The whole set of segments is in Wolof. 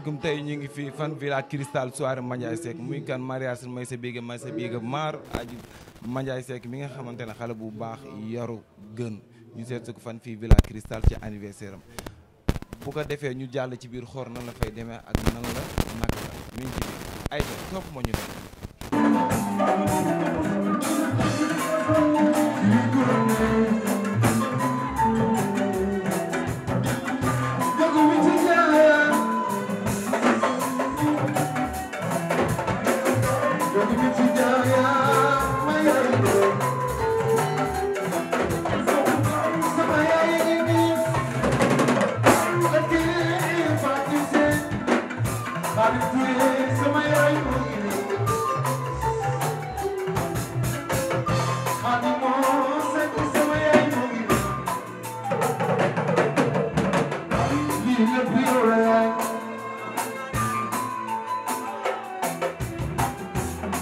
asalaamaaleykum tey ñu ngi fii fan village cristal soirée Mandiaye seek muy kan mariage may sa biiga may sa biiga maar aji Mandiaye Seck mi nga xamante ne xale bu baax yaru gën ñu seet si ko fan fii village cristal ci anniversaire bu ko defee ñu jàll ci biir xoor na la fay demee ak nan la naka la mi ngi ci ay topp ma ñu dem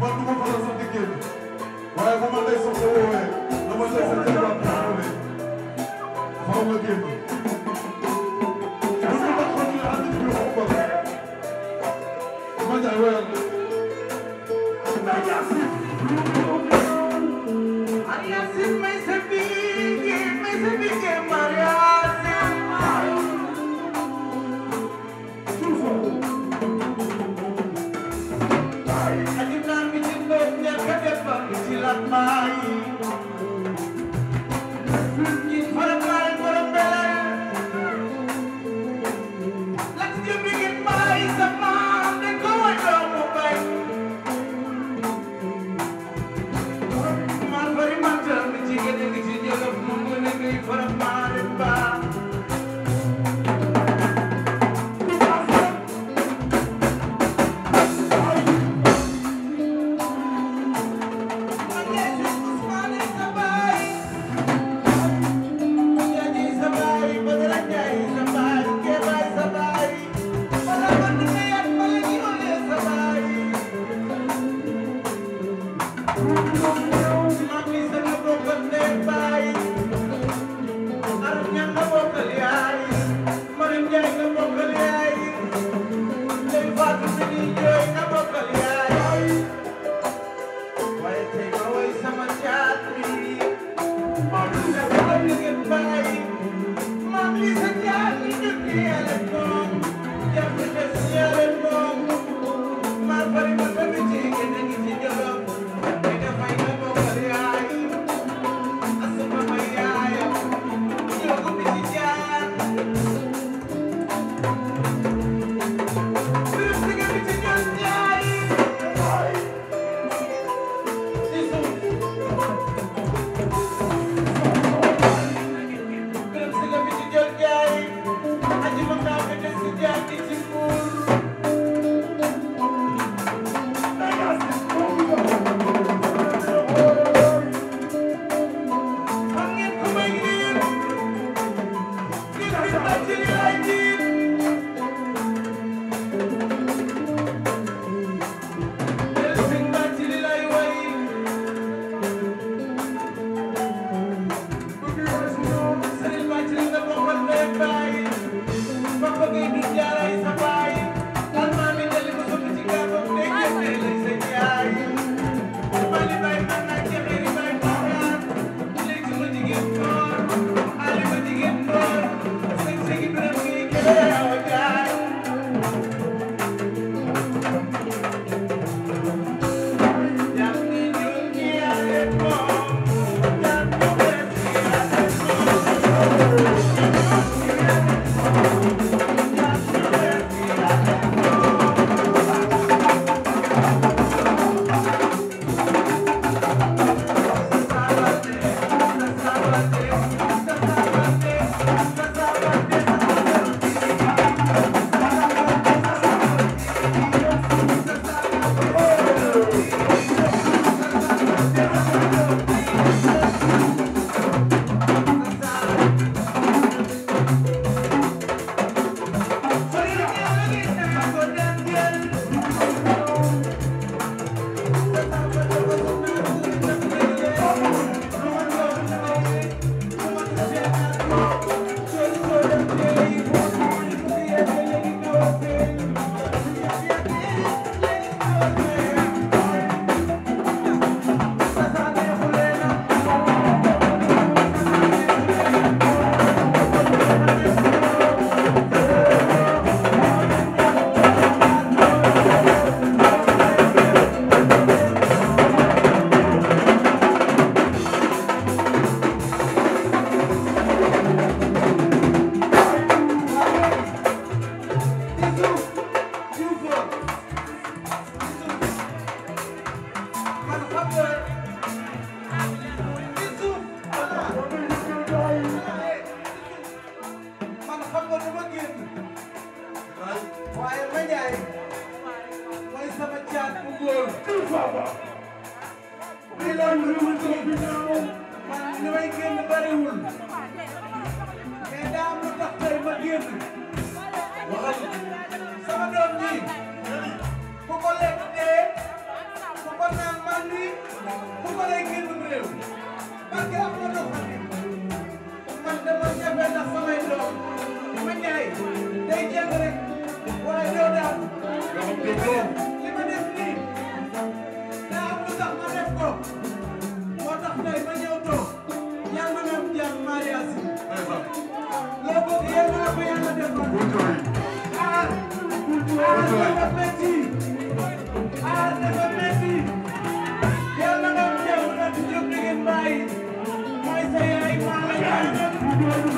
man du ma faral sax di génn waaye bu ma lay soxla woowee dama lay sa jël waat ma xaw ma génn Thank you. révolution bi ñu moom man li may génn bariwul mais daa am lu tax tey ma génn waxal sama doom ji ku ko lekk dee ku ko naan mandi ku ko lay génn réew parce que am na loo xam ne man dama ñebe ndax samay doom ma ñaay day jàng rek Thank you.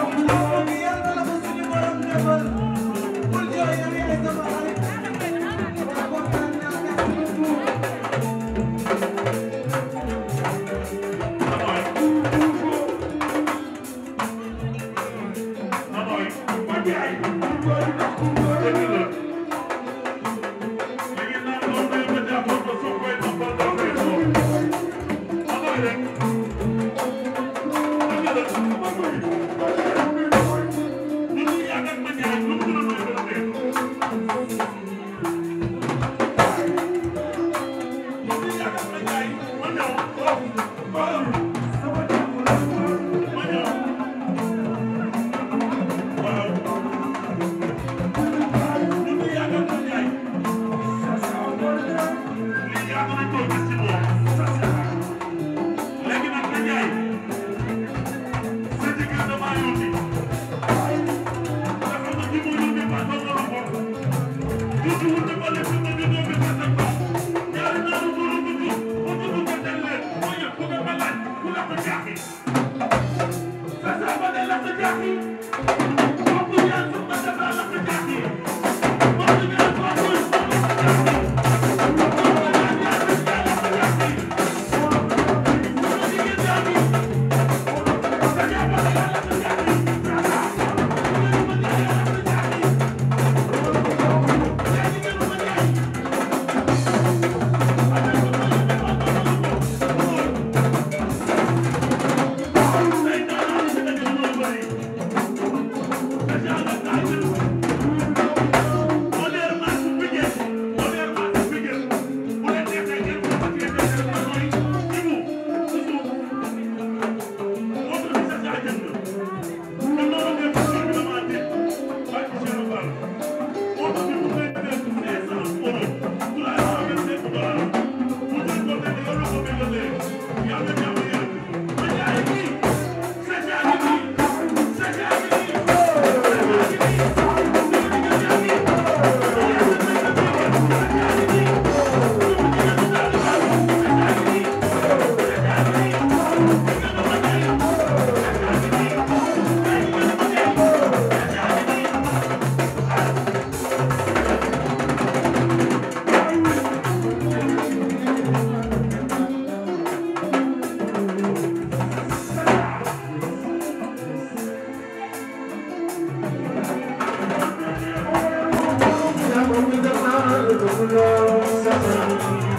Suffering